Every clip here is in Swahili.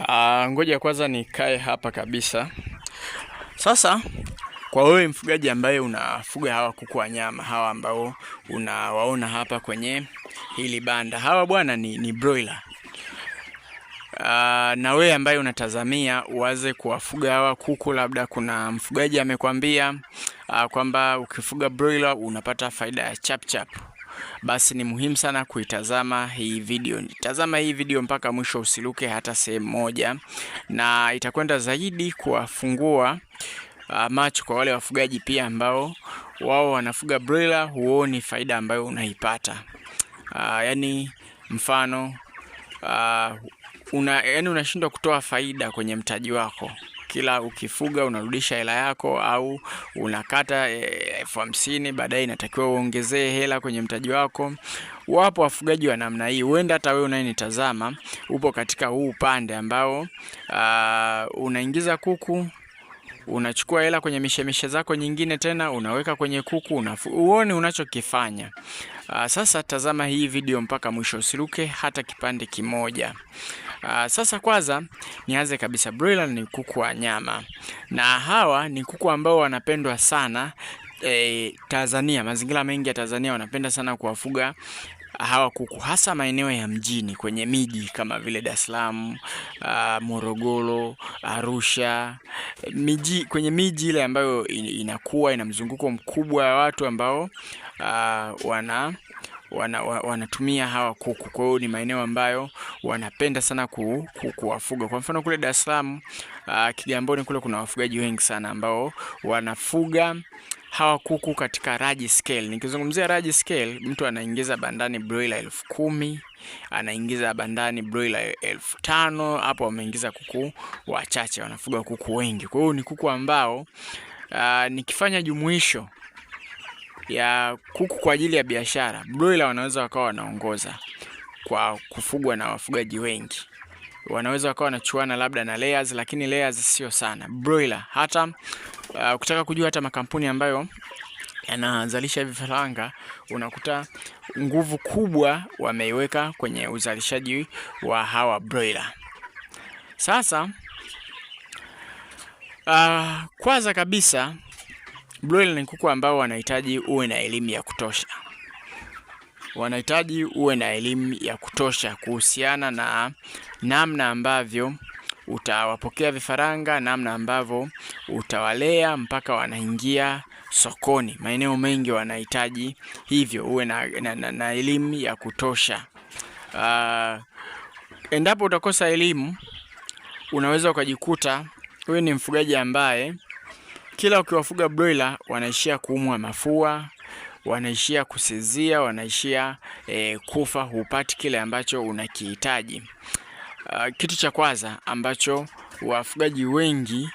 Uh, ngoja kwanza nikae hapa kabisa. Sasa kwa wewe mfugaji ambaye unafuga hawa kuku wa nyama hawa ambao unawaona hapa kwenye hili banda, hawa bwana ni, ni broiler. Uh, na wewe ambaye unatazamia uwaze kuwafuga hawa kuku, labda kuna mfugaji amekwambia uh, kwamba ukifuga broiler unapata faida ya chap basi ni muhimu sana kuitazama hii video. Tazama hii video mpaka mwisho, usiluke hata sehemu moja, na itakwenda zaidi kuwafungua uh, macho kwa wale wafugaji pia ambao wao wanafuga broiler, huoni faida ambayo unaipata. Uh, yani mfano uh, una, yani unashindwa kutoa faida kwenye mtaji wako kila ukifuga unarudisha hela yako, au unakata eh, elfu hamsini baadaye inatakiwa uongezee hela kwenye mtaji wako. Wapo wafugaji wa namna hii. Huenda hata wewe unayenitazama upo katika huu upande ambao uh, unaingiza kuku unachukua hela kwenye mishemishe zako nyingine tena unaweka kwenye kuku unafu, uone unachokifanya. Aa, ah, sasa tazama hii video mpaka mwisho, usiruke hata kipande kimoja. Ah, sasa kwanza nianze kabisa, broiler ni kuku wa nyama na hawa ni kuku ambao wanapendwa sana e, Tanzania. Mazingira mengi ya Tanzania wanapenda sana kuwafuga hawa kuku hasa maeneo ya mjini kwenye miji kama vile Dar es Salaam, uh, Morogoro, Arusha, miji kwenye miji ile ambayo inakuwa ina mzunguko mkubwa wa watu ambao uh, wana wana, wanatumia hawa kuku. Kwa hiyo ni maeneo ambayo wanapenda sana ku, ku, kuwafuga. Kwa mfano kule Dar es Salaam, uh, Kigamboni kule kuna wafugaji wengi sana ambao wanafuga hawa kuku katika large scale. Nikizungumzia large scale, mtu anaingiza bandani broiler elfu kumi anaingiza bandani broiler elfu tano Hapo wameingiza kuku wachache, wanafuga kuku wengi. Kwa hiyo ni kuku ambao uh, nikifanya jumuisho ya kuku kwa ajili ya biashara, broiler wanaweza wakawa wanaongoza kwa kufugwa na wafugaji wengi. Wanaweza wakawa wanachuana labda na layers, lakini layers sio sana. Broiler hata uh, ukitaka kujua hata makampuni ambayo yanazalisha vifaranga unakuta nguvu kubwa wameiweka kwenye uzalishaji wa hawa broiler. Sasa uh, kwanza kabisa broiler ni kuku ambao wanahitaji uwe na elimu ya kutosha, wanahitaji uwe na elimu ya kutosha kuhusiana na namna ambavyo utawapokea vifaranga, namna ambavyo utawalea mpaka wanaingia sokoni. Maeneo mengi wanahitaji hivyo, uwe na, na, na, na elimu ya kutosha. Uh, endapo utakosa elimu, unaweza ukajikuta wewe ni mfugaji ambaye kila ukiwafuga broiler wanaishia kuumwa mafua, wanaishia kusizia, wanaishia e, kufa, hupati kile ambacho unakihitaji. Uh, kitu cha kwanza ambacho wafugaji wengi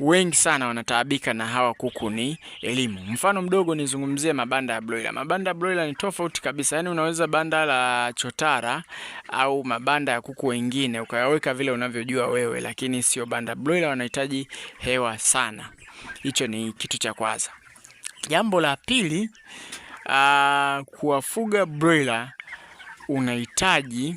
wengi sana wanataabika na hawa kuku ni elimu. Mfano mdogo nizungumzie mabanda ya broiler. Mabanda ya broiler ni tofauti kabisa, yaani unaweza banda la chotara au mabanda ya kuku wengine ukayaweka vile unavyojua wewe, lakini sio banda broiler, wanahitaji hewa sana. Hicho ni kitu cha kwanza. Jambo la pili, uh, kuwafuga broiler unahitaji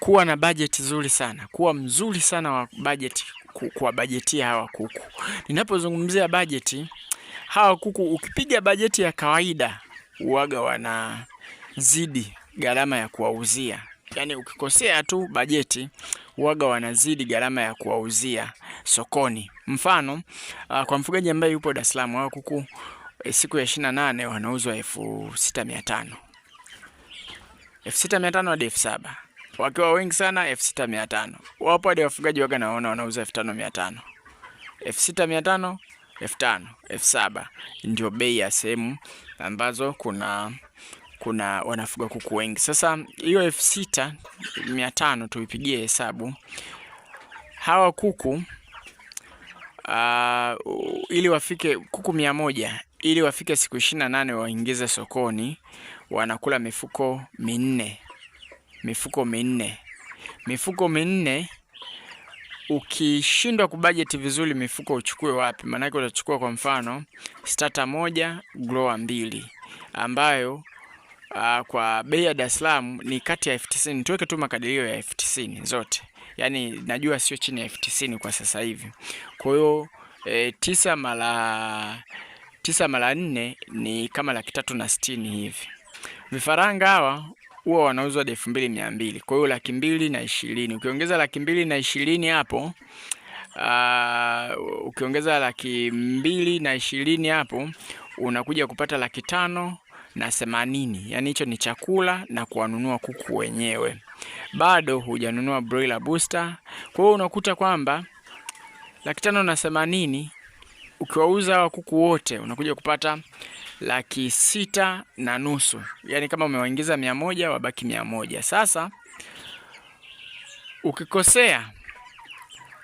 kuwa na bajeti nzuri sana, kuwa mzuri sana wa bajeti kuwabajetia hawa kuku. Ninapozungumzia bajeti, hawa kuku ukipiga bajeti ya kawaida uwaga wanazidi gharama ya kuwauzia, yaani ukikosea tu bajeti uwaga wanazidi gharama ya kuwauzia sokoni. Mfano ah, kwa mfugaji ambaye yupo Dar es Salaam, hawa kuku eh, siku ya ishirini na nane wanauzwa elfu sita mia tano elfu sita mia tano hadi elfu saba wakiwa wengi sana elfu sita mia tano. Wapo hadi wafugaji waga naona wanauza elfu tano mia tano, elfu sita mia tano, elfu tano, elfu saba ndio bei ya sehemu ambazo kuna kuna wanafuga kuku wengi. Sasa hiyo elfu sita mia tano tuipigie hesabu hawa kuku uh, ili wafike kuku mia moja ili wafike siku ishirini na nane waingize sokoni, wanakula mifuko minne mifuko minne. Mifuko minne ukishindwa kubajeti vizuri mifuko uchukue wapi, maanake utachukua kwa mfano starter moja grower mbili ambayo Uh, kwa bei ya Dar es Salaam ni kati ya elfu tisini tuweke tu makadirio ya elfu tisini zote, yaani najua sio chini ya elfu tisini kwa sasa hivi. Kwa hiyo e, tisa mara tisa mara nne ni kama laki tatu na sitini hivi. Vifaranga hawa huwa wanauzwa hadi elfu mbili mia mbili kwa hiyo laki mbili na ishirini ukiongeza laki mbili na ishirini hapo uh, ukiongeza laki mbili na ishirini hapo unakuja kupata laki tano na themanini yaani hicho ni chakula na kuwanunua kuku wenyewe bado hujanunua broiler booster kwa hiyo unakuta kwamba laki tano na themanini ukiwauza hawa kuku wote unakuja kupata laki sita na nusu, yaani kama umewaingiza mia moja wabaki mia moja. Sasa ukikosea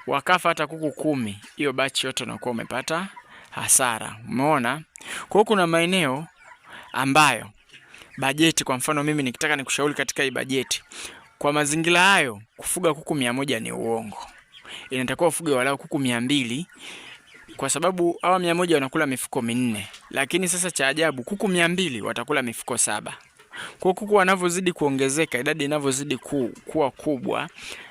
wakafa hata kuku kumi, hiyo bachi yote unakuwa umepata hasara. Umeona? Kwa hiyo kuna maeneo ambayo bajeti, kwa mfano mimi nikitaka nikushauri katika hii bajeti, kwa mazingira hayo kufuga kuku mia moja ni uongo, inatakiwa ufuge walau kuku mia mbili kwa sababu hawa mia moja wanakula mifuko minne. Lakini sasa cha ajabu, kuku mia mbili watakula mifuko saba. Kwa kuku wanavyozidi kuongezeka, idadi inavyozidi ku, kuwa kubwa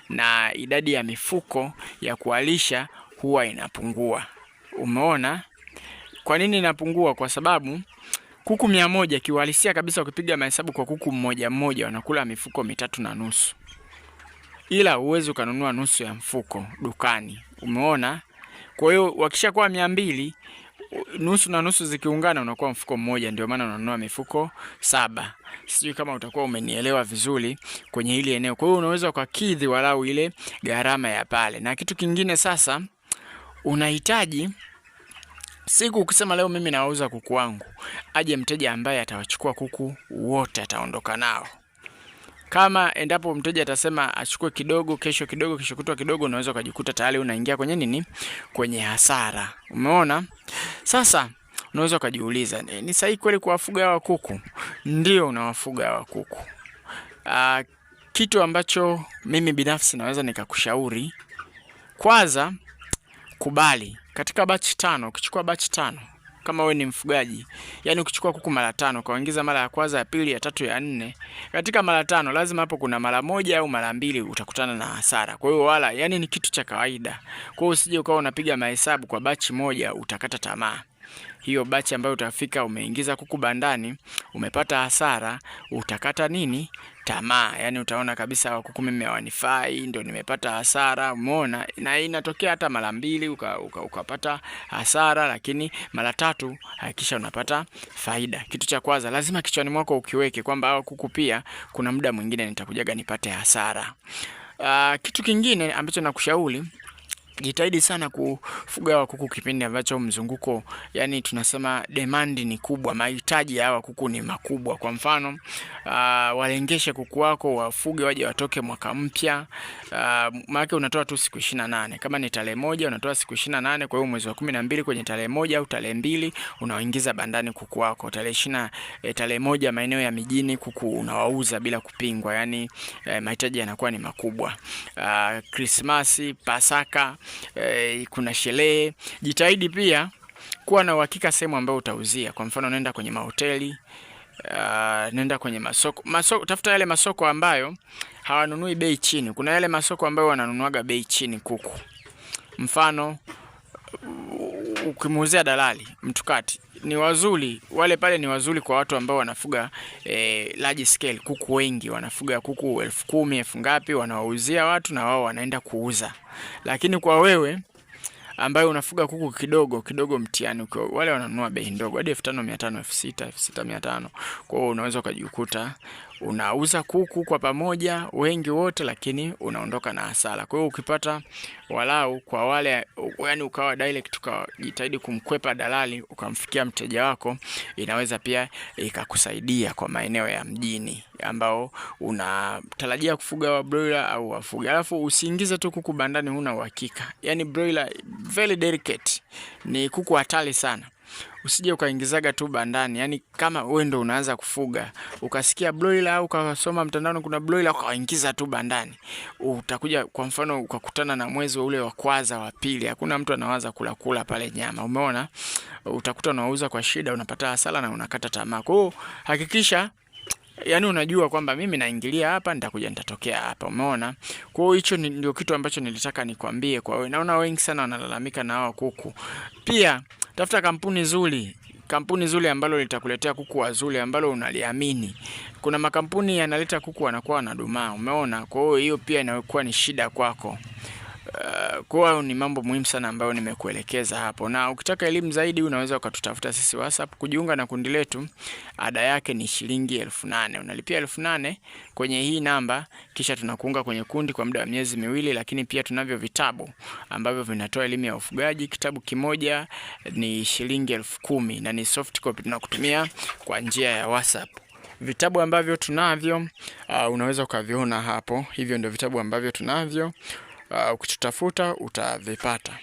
na idadi ya mifuko ya kualisha huwa inapungua. Umeona kwa nini inapungua? Kwa sababu kuku mia moja kiuhalisia kabisa, ukipiga mahesabu kwa kuku mmoja mmoja wanakula mifuko mitatu na nusu, ila huwezi ukanunua nusu ya mfuko dukani. Umeona? Kwa hiyo wakishakuwa mia mbili nusu na nusu zikiungana unakuwa mfuko mmoja, ndio maana unanunua mifuko saba. Sijui kama utakuwa umenielewa vizuri kwenye hili eneo. Kwa hiyo unaweza ukakidhi walau ile gharama ya pale. Na kitu kingine sasa, unahitaji siku, ukisema leo mimi nawauza kuku wangu, aje mteja ambaye atawachukua kuku wote, ataondoka nao. Kama endapo mteja atasema achukue kidogo, kesho kidogo, kesho kutwa kidogo, unaweza ukajikuta tayari unaingia kwenye nini, kwenye hasara. Umeona? Sasa unaweza ukajiuliza eh, ni sahihi kweli kuwafuga hawa kuku? Ndio, unawafuga hawa kuku. Aa, ah, kitu ambacho mimi binafsi naweza nikakushauri, kwanza kubali katika bachi tano, ukichukua bachi tano kama we ni mfugaji, yaani ukichukua kuku mara tano ukaingiza mara ya kwanza, ya pili, ya tatu, ya nne, katika mara tano lazima hapo kuna mara moja au mara mbili utakutana na hasara. Kwa hiyo wala, yani ni kitu cha kawaida. Kwa hiyo usije ukawa unapiga mahesabu kwa bachi moja, utakata tamaa. Hiyo bachi ambayo utafika umeingiza kuku bandani, umepata hasara, utakata nini? tamaa, yani utaona kabisa kuku mimi mmewanifai, ndio nimepata hasara. Umeona, na inatokea hata mara mbili uka, uka, ukapata hasara, lakini mara tatu hakikisha unapata faida. Kitu cha kwanza lazima kichwani mwako ukiweke kwamba hao kuku pia kuna muda mwingine nitakujaga nipate hasara. Uh, kitu kingine ambacho nakushauri jitahidi sana kufuga hawa kuku kipindi ambacho mzunguko, yani tunasema demand ni kubwa, mahitaji ya hawa kuku ni makubwa. Kwa mfano uh, walengeshe kuku wako wafuge waje watoke mwaka mpya. Uh, ah, maana unatoa tu siku 28 kama ni tarehe moja unatoa siku 28 Kwa hiyo mwezi wa 12 kwenye tarehe moja au tarehe mbili unaoingiza bandani kuku wako tarehe 20 eh, tarehe moja maeneo ya mijini kuku unawauza bila kupingwa, yani eh, mahitaji yanakuwa ni makubwa. Uh, ah, Krismasi, Pasaka eh, kuna sherehe. Jitahidi pia kuwa na uhakika sehemu ambayo utauzia. Kwa mfano, unaenda kwenye mahoteli Uh, nenda kwenye masoko. Masoko, tafuta yale masoko ambayo hawanunui bei chini. Kuna yale masoko ambayo wananunuaga bei chini kuku, mfano ukimuuzia dalali mtukati ni wazuri wale pale, ni wazuri kwa watu ambao wanafuga eh, large scale, kuku wengi wanafuga kuku elfu kumi elfu ngapi, wanawauzia watu na wao wanaenda kuuza, lakini kwa wewe ambayo unafuga kuku kidogo kidogo, mtiani wale wananunua bei ndogo hadi 5500 tano mia Kwa hiyo unaweza ukajikuta unauza kuku kwa pamoja wengi wote, lakini unaondoka na hasara. Kwa hiyo ukipata walau kwa wale yani, ukawa direct, ukajitahidi kumkwepa dalali, ukamfikia mteja wako, inaweza pia ikakusaidia kwa maeneo ya mjini ambao unatarajia kufuga wa broiler au wafuga. Alafu usiingize tu kuku bandani, huna uhakika. Yani broiler very delicate, ni kuku hatari sana. Usije ukaingizaga tu bandani, yani kama wewe ndo unaanza kufuga ukasikia broiler au ukasoma mtandaoni kuna broiler ukaingiza tu bandani, utakuja kwa mfano ukakutana na mwezi ule wa kwanza wa pili, hakuna mtu anawaza kula kula pale nyama, umeona? Utakuta unauza kwa shida, unapata hasara na unakata tamaa. Kwa hiyo hakikisha yani unajua kwamba mimi naingilia hapa, nitakuja nitatokea hapa, umeona? kwao hicho ndio kitu ambacho nilitaka nikwambie kwa wewe. Naona wengi sana wanalalamika na hawa kuku. Pia tafuta kampuni nzuri kampuni zuri ambalo litakuletea kuku wazuri ambalo unaliamini. Kuna makampuni yanaleta kuku wanakuwa wanadumaa, umeona? Kwa hiyo hiyo pia inakuwa ni shida kwako kuwa ni mambo muhimu sana ambayo nimekuelekeza hapo, na ukitaka elimu zaidi unaweza ukatutafuta sisi WhatsApp. Kujiunga na kundi letu, ada yake ni shilingi elfu nane. Unalipia elfu nane kwenye hii namba, kisha tunakuunga kwenye kundi kwa muda wa miezi miwili. Lakini pia tunavyo vitabu ambavyo vinatoa elimu ya ufugaji. Kitabu kimoja ni shilingi elfu kumi na ni soft copy, tunakutumia kwa njia ya WhatsApp vitabu ambavyo tunavyo uh, unaweza ukaviona hapo. Hivyo ndio vitabu ambavyo tunavyo ukitutafuta uh, utavipata.